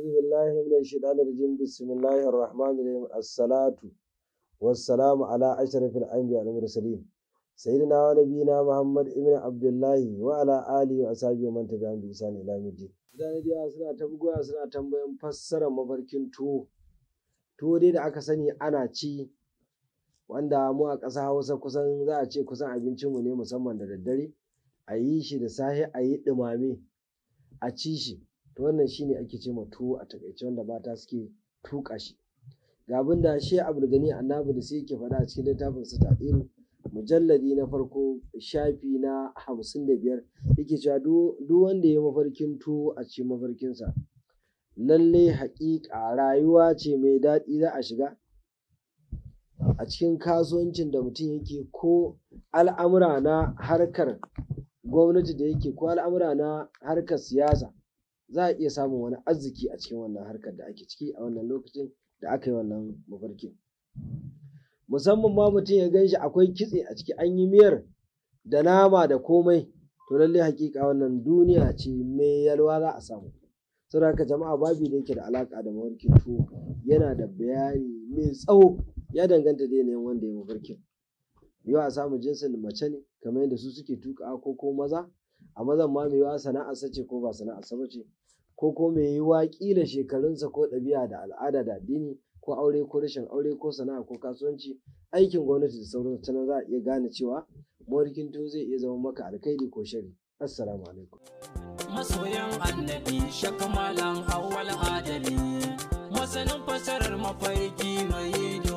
أعوذ بالله من الشيطان الرجيم بسم الله الرحمن الرحيم الصلاة والسلام ala أشرف الأنبياء والمرسلين سيدنا ونبينا محمد ابن muhammad ibn abdullahi آله ala alihi تبعهم بإحسان إلى يوم الدين ihsan ila yawmiddin da suna ta bugowa suna tambayan fassarar mafarkin tuwo tuwo dai da aka sani ana ci wanda mu a ƙasar hausa kusan za a ce kusan abincinmu ne musamman da daddare a yi shi da safe a yi ɗumame a ci shi to wannan shine ake ce ma tuwo a takaice wanda mata suke tuƙa shi ga abin da shi Abdulgani Annabi da sai yake faɗa a cikin littafin sa Tadiru mujalladi na farko shafi na hamsin da biyar yake cewa duk wanda ya mafarkin tuwo a cikin mafarkinsa lallai haƙiƙa rayuwa ce mai daɗi za a shiga a cikin kasuwancin da mutum yake ko al'amura na harkar gwamnati da yake ko al'amura na harkar siyasa za a iya samun wani arziki a cikin wannan harkar da ake ciki a wannan lokacin da aka yi wannan mafarkin musamman ma mutum ya gan shi akwai kitse a ciki an yi miyar da nama da komai to lallai hakika wannan duniya ce mai yalwa za a samu saboda haka jama'a babu da yake da alaka da mafarkin to yana da bayani mai tsawo ya danganta da yanayin wanda ya mafarkin yau a samu jinsin mace ne kamar yadda su suke tuka ko ko maza a mazan ma mai sana'a sana'arsa ce ko ba sana'a ba ce ko ko mai yiwa kila shekarunsa ko ɗabi'a da al'ada da addini ko aure ko rashin aure ko sana'a ko kasuwanci aikin gwamnati da sauran ta za a iya gane cewa mawarkin to zai iya zama maka alkhairi ko shari assalamu alaikum masoyan annabi shakamalan awwal adali masanin fasarar mafarki mai